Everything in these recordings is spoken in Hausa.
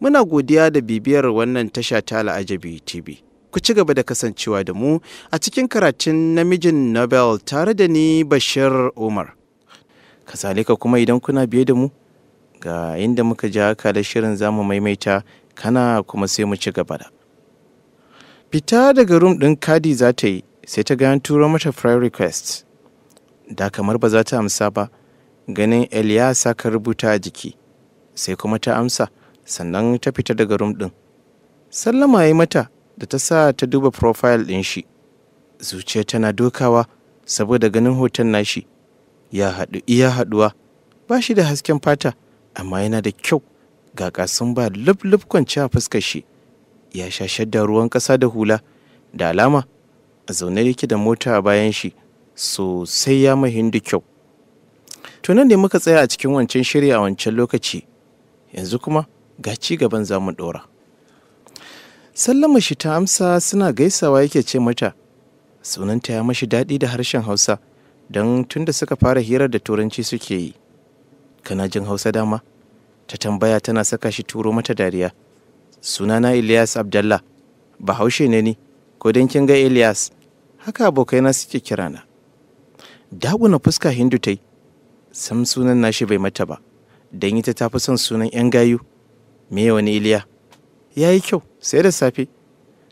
Muna godiya da bibiyar wannan tasha ta Al'ajabi TV. Ku ci gaba da kasancewa da mu a cikin karatun namijin Nobel tare da ni Bashir Umar. Kasalika kuma idan kuna biye da mu ga inda muka ja da shirin zamu maimaita kana kuma sai mu ci gaba da. Fita daga rum ɗin kadi za ta yi sai ta gayan turo mata friend request. Da kamar ba za ta amsa ba ganin Eliya ka rubuta a jiki sai kuma ta amsa. sannan ta fita daga rum ɗin sallama ya yi mata da ta sa ta duba profile ɗin shi zuciya tana dokawa saboda ganin hoton nashi ya haɗu iya haɗuwa ba shi da hasken fata amma yana da kyau ga kasun ba lub lub a fuskar shi ya sha shadda ruwan ƙasa da hula da alama a zaune yake da mota a bayan shi sosai ya mahindu kyau tunan da muka tsaya a cikin wancan shirya a wancan lokaci yanzu kuma ga ci gaban za mu ɗora sallama shi ta amsa suna gaisawa yake ce mata sunanta ya mashi daɗi da harshen hausa don tun da suka fara hirar da turanci suke yi kana jin hausa dama ta tambaya tana saka shi turo mata dariya sunana ilyas abdallah bahaushe ne ni ko don kin ga ilyas haka abokaina suke kirana daguna fuska hindu ta yi. sam sunan nashi bai mata ba don ita ta fi son sunan yan gayu me wani iliya ya yi kyau sai da safe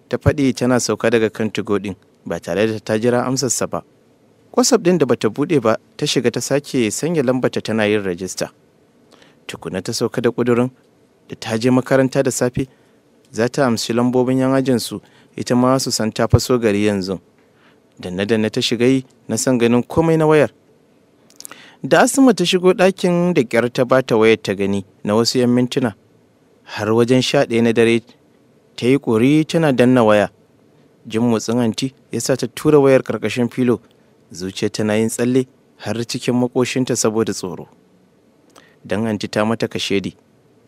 ta faɗi tana sauka daga kan tugo ɗin ba tare da ta jira amsarsa ba kwasaf ɗin da bata buɗe ba ta shiga ta sake sanya lambata tana yin rajista tukuna ta sauka da ƙudurin da ta je makaranta da safe za ta amshi lambobin yan ajinsu ita ma su san ta faso gari yanzu danna danna ta shiga yi na san ganin komai na wayar da asma ta shigo ɗakin da ƙyar ta bata wayar ta gani na wasu 'yan mintuna har wajen sha ɗaya na dare ta yi ƙori tana danna waya jin motsin anti ya sa ta tura wayar ƙarƙashin filo zuciya tana yin tsalle har cikin makoshinta saboda tsoro dan anti ta mata kashedi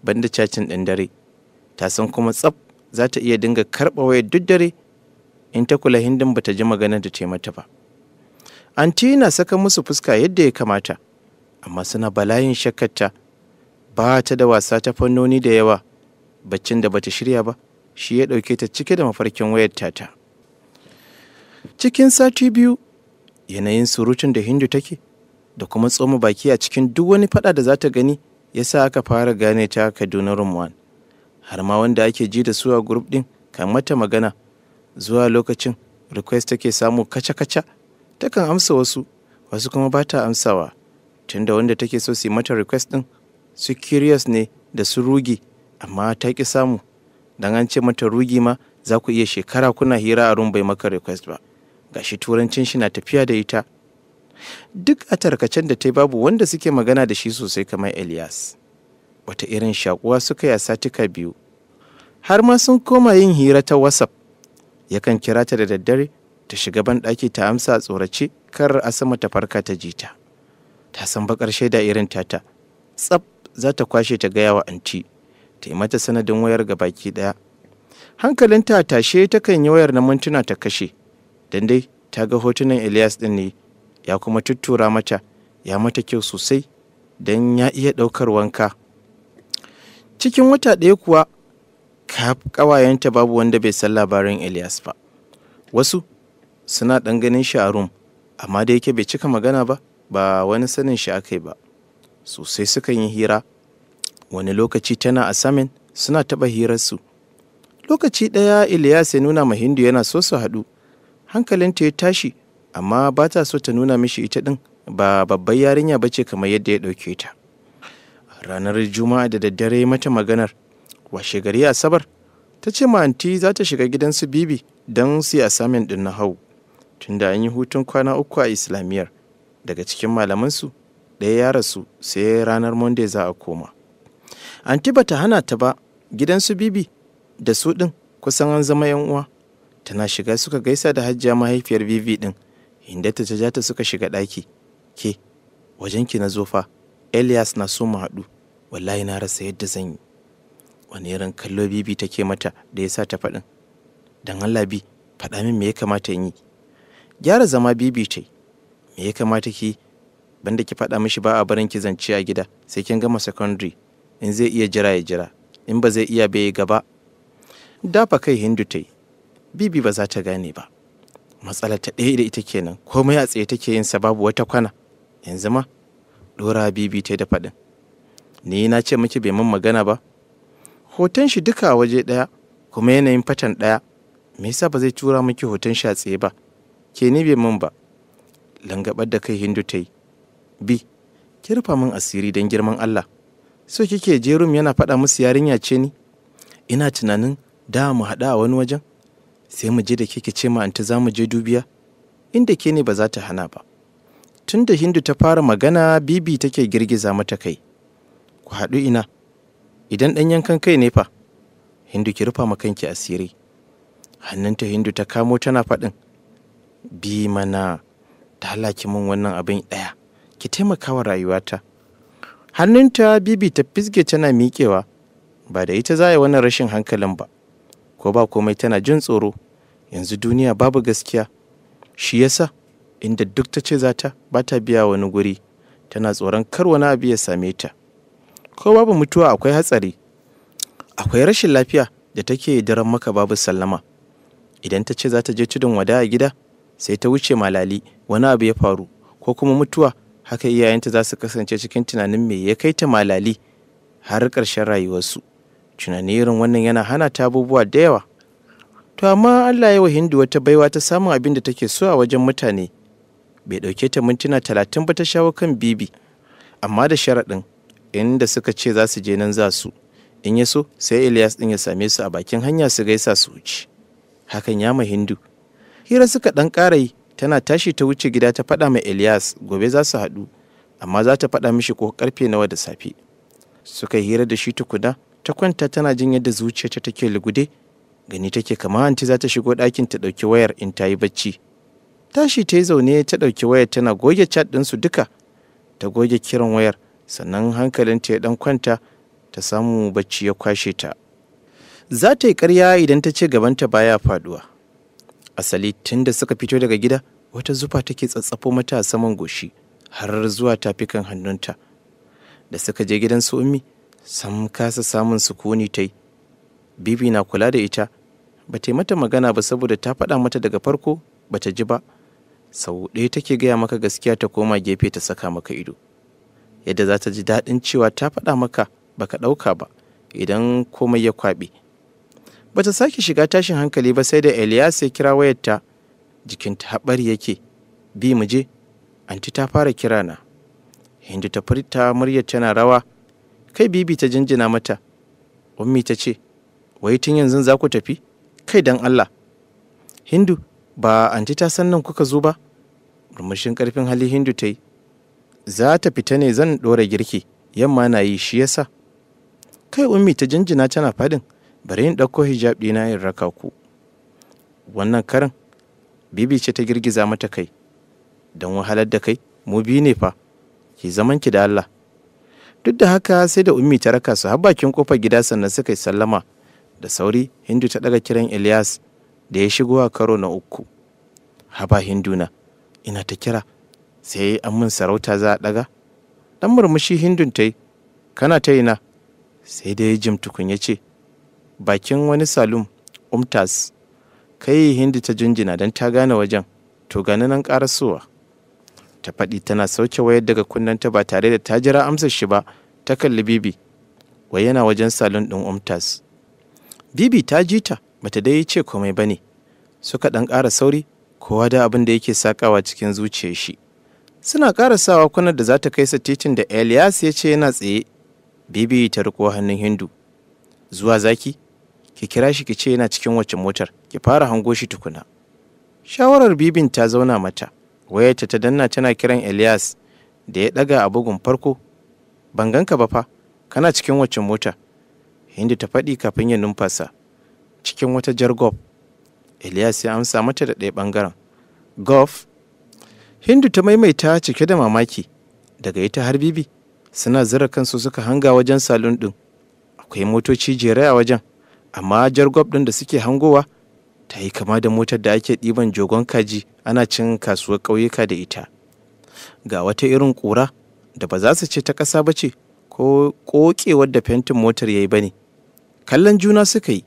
banda cacin ɗin dare ta san kuma tsaf za ta iya dinga karɓa wayar duk dare in ta kula hindin bata ji magana da ta mata ba anti na saka musu fuska yadda ya kamata amma suna bala'in shakkarta ba ta da wasa ta fannoni da yawa baccin da bata shirya ba shi ya ɗauke ta cike da mafarkin wayar tata cikin sati biyu yanayin surutun da hindu take da kuma tsoma baki a cikin duk wani fada da za ta gani ya sa aka fara gane ta kaduna rumwan har ma wanda ake ji da su a grup din kan mata magana zuwa lokacin request take samu kaca-kaca takan amsa wasu wasu kuma ba ta amsawa tunda wanda take so su mata request din su curious ne da su rugi amma ta ki samu dan an ce mata rugi ma za ku iya shekara kuna hira a rumbai maka request ba ga shi turancin shi na tafiya da ita duk a tarkacen da ta babu wanda suke magana da shi sosai kamar Elias wata irin shakuwa suka yi a satika biyu har ma sun koma yin hira ta WhatsApp yakan kira ta da daddare ta shiga ban ɗaki ta amsa tsorace kar a sama ta farka ta jita ta san bakar shaida irin tata tsaf za ta kwashe ta gaya wa anti ta yi mata sanadin wayar ga baki ɗaya hankalinta tashe ta kan yi wayar na mintuna ta kashe don dai ta ga hotunan Elias ɗin ne ya kuma tuttura mata ya mata kyau sosai don ya iya ɗaukar wanka cikin wata ɗaya kuwa ƙawayenta babu wanda bai san labarin Elias ba wasu suna ɗan ganin shi a rum amma da yake bai cika magana ba ba wani sanin shi aka yi ba sosai sukan yi hira wani lokaci tana a samin suna taɓa hirarsu lokaci ɗaya ilyas ya nuna ma hindu yana so su haɗu hankalinta ya tashi amma ba ta so ta nuna mishi ita ɗin ba babbar yarinya ba ce kamar yadda ya ɗauke ta ranar juma'a da daddare mata maganar washe gari asabar ta ce ma'anti za ta shiga gidansu bibi don su yi asamin ɗin na hau tunda an yi hutun kwana uku a islamiyar, daga cikin malamansu ɗaya ya rasu sai ranar monday za a koma anti bata hana ta ba gidan su bibi da su ɗin kusan an zama yan uwa tana shiga suka gaisa da hajjiya mahaifiyar bibi ɗin inda ta ja ta suka shiga ɗaki ke wajenki na zofa elias na so mu haɗu wallahi na rasa yadda zan yi wani irin kallo bibi take mata da ya sa ta faɗin dan allah bi faɗa min me ya kamata in yi gyara zama bibi ta me ya kamata ki banda ki faɗa mishi ba a barin ki zance a gida sai kin gama secondary in zai iya jira ya jira in ba zai iya bai gaba dafa kai hindu ta yi bibi ba za ta gane ba matsala ta ɗaya da ita kenan komai a tsaye take yin sa babu wata kwana yanzu ma ɗora bibi ta da faɗin ni na ce miki bai mun magana ba hoton shi duka a waje ɗaya kuma yanayin fatan ɗaya me yasa ba zai tura miki hoton shi a tsaye ba ke ni bai min ba langabar da kai hindu ta yi bi kirfa min asiri don girman allah so kike je rum yana faɗa musu yarinya ce ni ina tunanin da mu haɗa a wani wajen sai mu je da kike ce ma anta za mu je dubiya inda ke ne ba za ta hana ba Tunda hindu ta fara magana bibi take girgiza mata kai ku haɗu ina idan ɗan yankan kai ne fa hindu ki rufa kanki asiri hannunta hindu ta kamo tana faɗin bi mana ta halaki min wannan abin ɗaya ki taimaka wa rayuwata hannunta bibi ta fisge tana miƙewa ba da ita za a yi rashin hankalin ba ko ba komai tana jin tsoro yanzu duniya babu gaskiya shi yasa inda duk ta ce za ta ba ta biya wani guri tana tsoron kar wani abu ya same ta ko babu mutuwa akwai hatsari akwai rashin lafiya da take daren maka babu sallama idan ta ce za ta je tudun wada a gida sai ta wuce malali wani abu ya faru ko kuma mutuwa haka iyayenta za su kasance cikin tunanin me ya kai ta malali har ƙarshen rayuwarsu tunani irin wannan yana hana ta abubuwa da yawa to amma allah ya hindu wata baiwa ta samun abin da take so a wajen mutane bai ɗauke ta mintuna talatin ba ta shawo kan bibi amma da sharaɗin inda suka ce za su je nan za su in ya so sai Ilyas ɗin ya same su a bakin hanya su gaisa su wuce hakan ya ma hindu hira suka ɗan ƙara yi tana tashi ta wuce gida ta faɗa mai Elias gobe za su haɗu amma za ta faɗa mishi ko karfe nawa da safe suka hira da shi tukuna ta kwanta tana jin yadda zuciyarta take lugude gani take kama anti za ta shigo ɗakin ta ɗauki wayar in ta yi bacci tashi ta yi zaune ta ɗauki wayar tana goge chat ɗinsu duka ta goge kiran wayar sannan hankalinta ya ɗan kwanta ta samu bacci ya kwashe ta za ta yi ƙarya idan ta ce gabanta baya faɗuwa asali tun da suka fito daga gida wata zufa take tsatsafo mata a saman goshi har zuwa tafikan hannunta da suka je gidan su ummi sam kasa samun sukuni ta yi bibi na kula da ita ba ta yi mata magana ba saboda ta faɗa mata daga farko ba ta ji ba sau ɗaya take gaya maka gaskiya ta koma gefe ta saka maka ido yadda za ta ji daɗin cewa ta faɗa maka baka ɗauka ba idan komai ya kwaɓe ba ta sake shiga tashin hankali ba sai da Elias ya kira wayarta jikin ta haɓar yake bi mu je anti ta fara kira na hindu ta furta muryar tana rawa kai bibi ta jinjina mata ummi ta ce wai tun yanzu za ku tafi kai dan Allah hindu ba anti ta san nan kuka zo ba murmushin karfin hali hindu ta yi za ta fita ne zan dora girki yamma na yi shi yasa kai ummi ta jinjina tana faɗin bari in ɗauko hijab ɗina in raka ku wannan karin bibi ce ta girgiza mata kai don wahalar da kai mu biyu ne fa ki zaman ki da Allah duk da haka sai da ummi ta raka su har bakin kofar gida sannan suka yi sallama da sauri hindu ta ɗaga kiran Ilyas da ya shigo a karo na uku haba hindu na ina ta kira sai an min sarauta za a daga dan murmushi hindun ta yi kana ta ina sai dai jim tukun ya ce bakin wani salum umtas kai hindi ta jinjina don ta gane wajen to gani nan karasowa ta faɗi tana sauke wayar daga kunnanta ba tare da ta jira amsar shi ba ta kalli bibi wai yana wajen salon ɗin umtas bibi ta ji ta bata dai ce komai ba ne suka ɗan ƙara sauri kowa da abin da yake sakawa cikin zuciyar shi suna ƙara sawa kunar da za ta kai sa titin da elias ya ce yana tsaye bibi ta riko hannun hindu zuwa zaki ki kira shi ki ce yana cikin wacce motar ki fara hango shi tukuna shawarar bibin ta zauna mata wayata ta danna tana kiran elias da ya daga a bugun farko ban ganka ba fa kana cikin wacce mota hindi ta faɗi kafin ya numfasa cikin wata jar gof elias ya amsa mata da ɗaya ɓangaren gof hindu ta maimaita cike da mamaki daga ita har bibi suna zira kansu suka hanga wajen salon din. akwai motoci jere a wajen amma jargob ɗin da suke hangowa ta yi kama da motar da ake ɗiban jogon kaji ana cin kasuwar ƙauyuka da ita ga wata irin ƙura da ba za su ce ta ƙasa ba ce ko ƙoƙewar da fentin motar ya yi ba ne kallon juna suka yi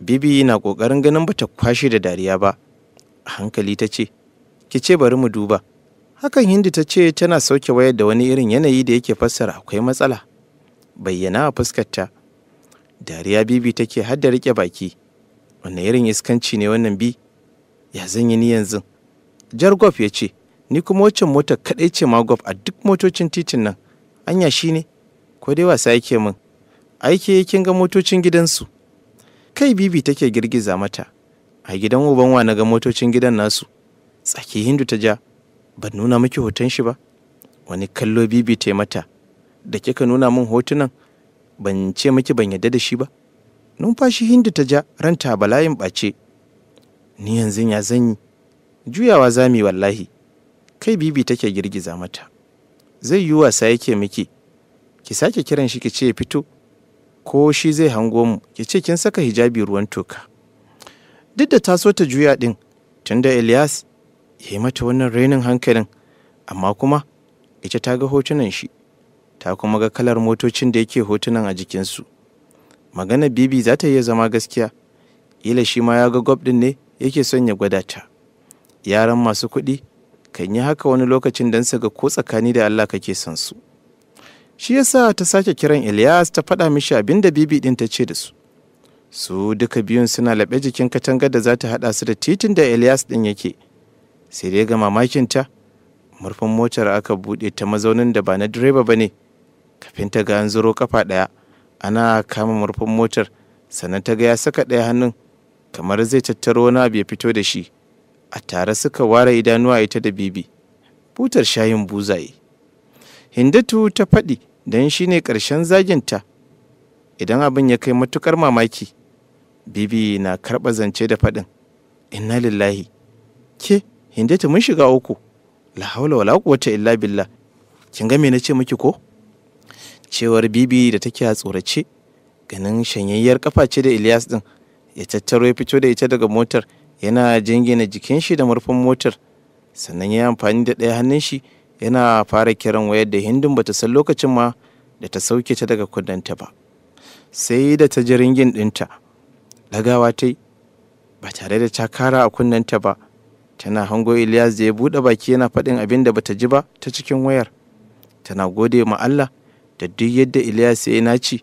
bibi na ƙoƙarin ganin bata kwashe da dariya ba a hankali ta ce ki ce bari mu duba hakan hindi ta ce tana sauke wayar da wani irin yanayi da yake fassara akwai matsala bayyana a fuskarta dariya bibi take har da riƙe baki wannan irin iskanci ne wannan bi ya zanyi ni yanzu jargof ya ce ni kuma wacce mota kaɗai ce magof a duk motocin titin nan anya shi ne ko dai wasa yake min aiki ya ga motocin gidansu kai bibi take girgiza mata a gidan uban wa na ga motocin gidan nasu tsaki hindu ta ja ban nuna miki hoton shi ba wani kallo bibi ta mata da kika nuna min hotunan ban ce miki ban yadda da shi ba numfashi hindu ta ja ranta balayin ɓace ni yanzu ya zanyi juyawa yi wallahi kai bibi take girgiza mata zai yi wasa yake miki ki sake kiran shi ki ce fito ko shi zai hango mu ki ce kin saka hijabi ruwan toka duk da ta so ta juya din tunda Elias ya yi mata wannan rainin hankalin amma kuma ita ta ga hotunan shi ta kuma ga kalar motocin da yake hotunan a jikinsu magana bibi za ta iya zama gaskiya ila shi ma ya ga gwab ɗin ne yake son ya gwada ta yaran masu kuɗi kan yi haka wani lokacin don su ga ko tsakani da allah kake son su shi yasa ta sake kiran Ilyas ta faɗa mishi abin da bibi ɗin ta ce da su. Su duka biyun suna laɓe jikin katangar da za ta haɗa su da titin da Ilyas ɗin yake. Sai dai ga ta, murfin motar aka buɗe ta mazaunin da ba na direba ba ne, kafin ta ga an zuro kafa ɗaya ana kama murfin motar sannan ta ga ya saka ɗaya hannun kamar zai tattaro na ya fito da shi a tare suka ware idanuwa ita da bibi butar shayin buzaye hindatu ta faɗi don shi ne ƙarshen zaginta idan abin ya kai matukar mamaki bibi na karɓa zance da faɗin inna lillahi ke hindatu mun shiga uku la haula wala quwwata illa billah kin ga me ce miki ko cewar bibi da take a tsorace ganin shanyayyar kafa ce da ilyas din ya tattaro ya fito da ita daga motar yana jingina jikin shi da murfin motar sannan ya amfani da ɗaya hannun shi yana fara kiran wayar da hindun bata san lokacin ma da ta sauke ta daga kudanta ba sai da ta ji ringin ɗinta lagawa ta yi ba tare da ta kara a kunnanta ba tana hango ilyas da ya buɗe baki yana faɗin abin da bata ji ba ta cikin wayar tana gode ma allah da duk yadda Ilyas ya yi naci,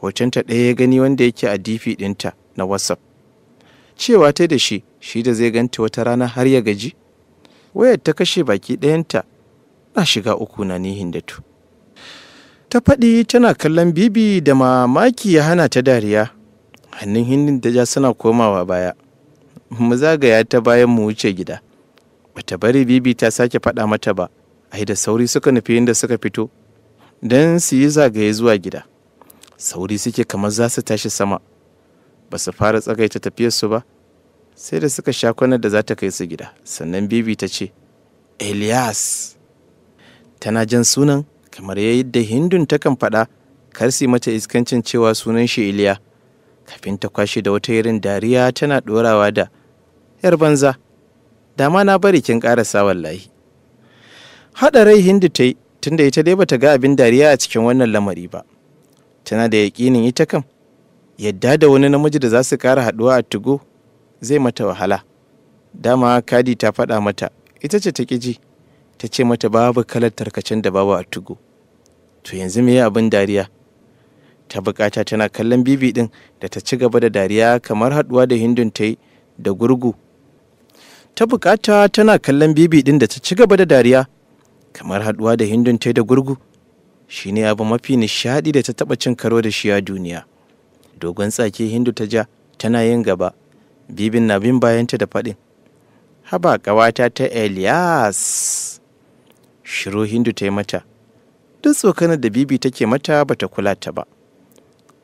hotonta ɗaya ya gani wanda yake a DP ɗinta na WhatsApp. Cewa ta da shi, shi da zai ganta wata rana har ya gaji? Wayar ta kashe baki ɗayanta, na shiga uku na nihin da tu. Ta faɗi tana kallon bibi da mamaki ya hana ta dariya, hannun hindin da ja suna komawa baya. Mu zagaya ta bayan mu wuce gida. Bata bari bibi ta sake faɗa mata ba, ai da sauri suka nufi inda suka fito don su yi zagaye zuwa gida sauri suke kamar za su tashi sama ba su fara tsagaita su ba sai da suka sha kwanar da za ta kai su gida sannan bibi ta ce elias tana jan sunan kamar ya da hindun takan faɗa kar su mata iskancin cewa sunan shi iliya kafin ta kwashe da wata irin dariya tana ɗorawa da yar banza dama na bari kin ƙarasa wallahi haɗa rai hindu ta yi tunda ita dai bata ga abin dariya a cikin wannan lamari ba tana da yaƙinin ita kam yadda da wani namiji da za su kara haɗuwa a tugo zai mata wahala dama kadi ta faɗa mata ita ce ta ji ta ce mata babu kalar tarkacen da babu a tugo to yanzu me abin dariya ta bukata tana kallon bibi ɗin da ta ci gaba da dariya kamar haɗuwa da hindun ta yi da gurgu ta bukata tana kallon bibi ɗin da ta ci gaba da dariya kamar haduwa da hindun tai da gurgu shi ne abu mafi nishaɗi da ta taɓa cin karo da shi a duniya dogon tsaki hindu ta ja tana yin gaba bibin na bin bayanta da faɗin haba ƙawata ta elias shiru hindu ta yi mata duk tsokanar da bibi take mata ba ta kula ta ba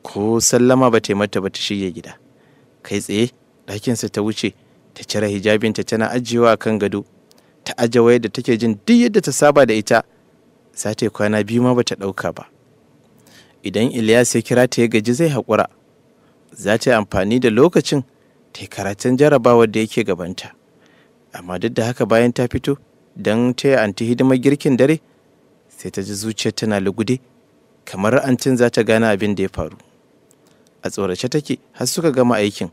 ko sallama ba ta yi mata ba ta shirya gida kai tsaye ɗakinsa ta wuce ta cire hijabinta tana ajiyewa kan gado ta aje da take jin duk yadda ta saba da ita za ta yi kwana biyu ma bata ɗauka ba idan ilyas ya kira ta ya gaji zai haƙura za ta yi amfani da lokacin ta yi karatun jarabawar da yake gabanta amma duk da haka bayan ta fito don ta yi anti hidimar girkin dare sai ta ji zuciyar tana lugude kamar antin za ta gane abin da ya faru a tsorace take har suka gama aikin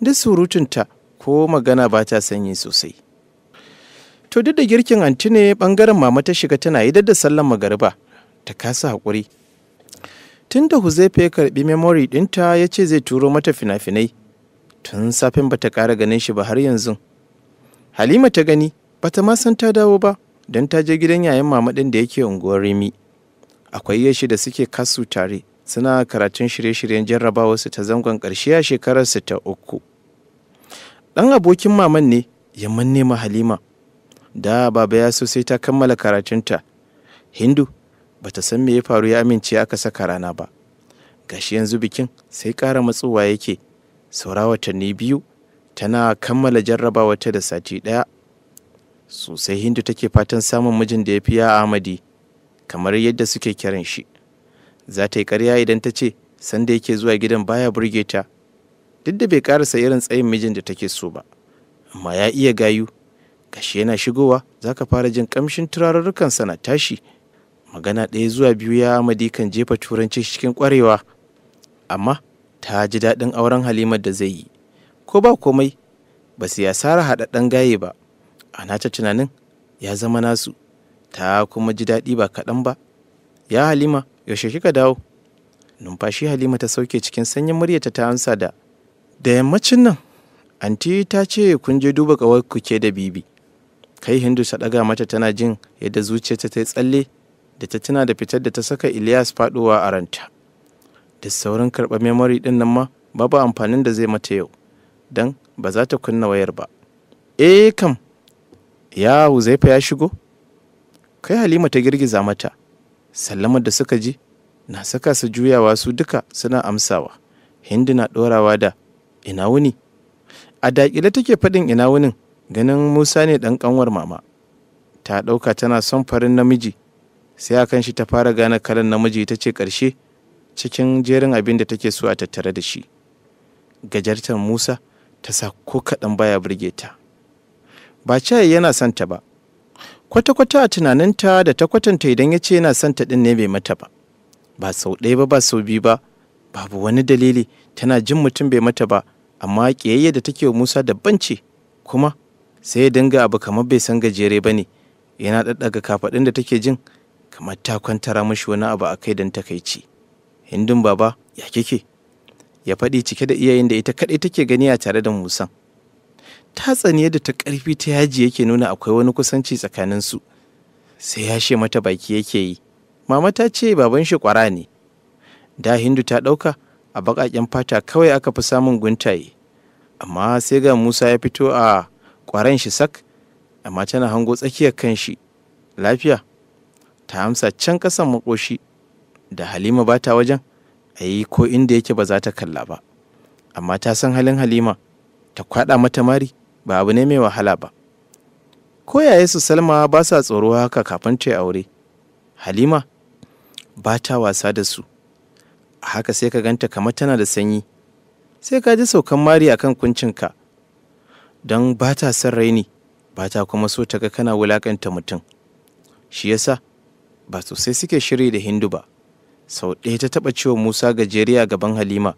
duk surutunta ko magana ba ta sanyi sosai to duk da girkin anti ne bangaren mama ta shiga tana yi da sallan magariba ta kasa haƙuri tun da huzaifa ya karbi memory ɗinta ya ce zai turo mata fina-finai tun safin bata ƙara ganin shi ba har yanzu halima ta gani bata ma san ta dawo ba don ta je gidan yayan mama ɗin da yake unguwar rimi akwai yashi da suke kasu tare suna karatun shirye-shiryen jarrabawar su ta zangon ƙarshe a shekararsu ta uku ɗan abokin maman ne ya manne ma halima da baba ya so sai ta kammala karatunta hindu ba ta san me ya faru ya amince aka saka rana ba gashi yanzu bikin sai ƙara matsowa yake saura watanni biyu tana kammala jarraba wata da sati ɗaya sosai hindu take fatan samun mijin da ya fi ya amadi kamar yadda suke kiran shi za ta yi karya idan ta ce sanda yake zuwa gidan baya burge ta duk da bai karasa irin tsayin mijin da take so ba amma ya iya gayu gashi yana shigowa za ka fara jin kamshin turarurrukan sana tashi magana ɗaya zuwa biyu ya Amadi kan jefa turanci cikin kwarewa amma ta ji daɗin auren halimar da zai yi ko ba komai ba su yasara haɗaɗɗen gaye ba a nata tunanin ya zama nasu ta kuma ji daɗi ba kaɗan ba ya halima yaushe kika dawo numfashi halima ta sauke cikin sanyin muryarta ta amsa da da yammacin nan anti ta ce kun je duba kawai ku ke da bibi kai hindu ta ɗaga mata tana jin yadda zuciyarta ta yi tsalle da ta tuna da fitar da ta saka ilyas faɗowa a ranta da saurin karɓar memori ɗin nan ma babu amfanin da zai mata yau don ba za ta kunna wayar ba eh kam ya huzaifa ya shigo kai halima ta girgiza mata sallamar da suka ji na saka su juyawa su duka suna amsawa hindu na ɗorawa da ina wuni a daƙile take faɗin ina wunin ganin Musa ne dan kanwar mama, ta dauka tana son farin namiji, sai a kan shi ta fara gane kalan namiji ta ce karshe cikin jerin abin da take so a tattare da shi. Gajartar Musa ta sa ko kaɗan baya birge ta. Ba caye yana son ta ba, kwata-kwata a tunaninta da ta kwatanta idan ya ce yana son ta ɗin ne bai mata ba. Ba sau ɗaya ba ba sau biyu ba, babu wani dalili tana jin mutum bai mata ba, amma ƙiyayya da take wa Musa daban ce, kuma sai ya dinga abu kamar bai san gajere ba ne yana ɗaɗɗaga kafaɗin da take jin kamar ta kwantara mashi wani abu a kai don takaici hindun baba ya kike ya faɗi cike da iyayen da ita kaɗai take gani a tare da musan ta tsaniya da ta ƙarfi ta yaji yake nuna akwai wani kusanci tsakaninsu sai ya she mata baki yake yi mama ta ce baban shi kwara ne da hindu ta ɗauka a baƙaƙen fata kawai aka fi samun guntaye amma sai ga musa ya fito a kwaren shi sak amma tana hango tsakiyar kan shi lafiya ta amsa can ƙasan makoshi da halima ba ta wajen a yi ko inda yake ba za ta kalla ba amma ta san halin halima ta kwaɗa mata mari ba abu ne mai wahala ba ko yaya su salma ba sa tsoro haka kafin ta aure halima ba ta wasa da su haka sai ka ganta kamar tana da sanyi sai ka ji saukan mari akan kuncinka don ba ta son raini ba ta kuma so ta ga kana wulakanta mutum shi yasa ba sosai suke shiri da hindu ba sau ɗaya ta taɓa cewa musa gajeriya gaban halima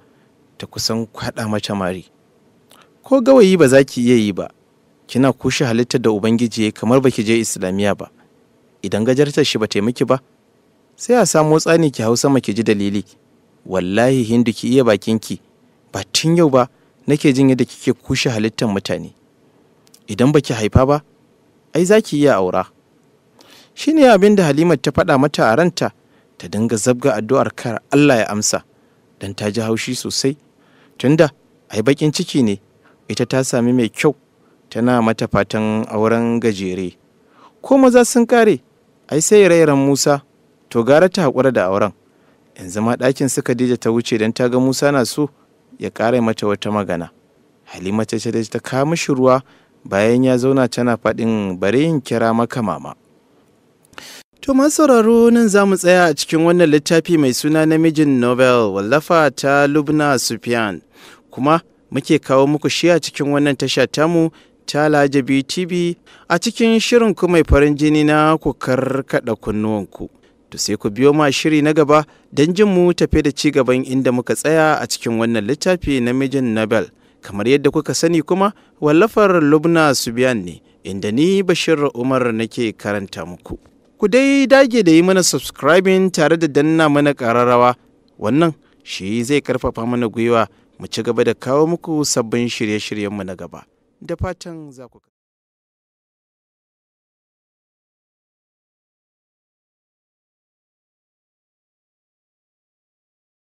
ta kusan kwaɗa mata mari ko gawayi ba za ki iya yi ba kina kushe halittar da ubangiji kamar baki je islamiyya ba idan gajarta shi ba taimaki ba sai a samo tsani ki hausa maki ki ji dalili wallahi hindu ki iya bakinki ba tun yau ba nake jin yadda kike kushe halittar mutane idan baki haifa ba ai zaki iya aura shi ne abin da halimar ta faɗa mata a ranta ta dinga zabga addu'ar kar allah ya amsa don ta ji haushi sosai tunda ai bakin ciki ne ita ta sami mai kyau tana mata fatan auren gajere ko maza sun kare ai sai rairan musa to gara ta haƙura da auren yanzu ma ɗakin suka dija ta wuce don ta ga musa na so ya ƙara mata wata magana halima ta ce ta kawo mishi ruwa bayan ya zauna tana faɗin bari yin kira maka mama To sauraro nan za mu tsaya a cikin wannan littafi mai suna namijin Nobel wallafa ta Lubna Sufyan. Kuma muke kawo muku shi a cikin wannan tasha tamu ta Lajabi TV a cikin shirin ku mai farin jini na ku karkada kunnuwanku. to sai ku biyo ma shiri na gaba don jin mu tafe da ci gaban inda muka tsaya a cikin wannan littafi na mijin Nobel. Kamar yadda kuka sani kuma wallafar Lubna Subiyan ne inda ni Bashir Umar nake karanta muku. Ku dai dage da yi mana subscribing tare da danna mana ƙararrawa wannan shi zai karfafa mana gwiwa mu ci gaba da kawo muku sabbin shirye-shiryenmu na gaba. Da fatan za ku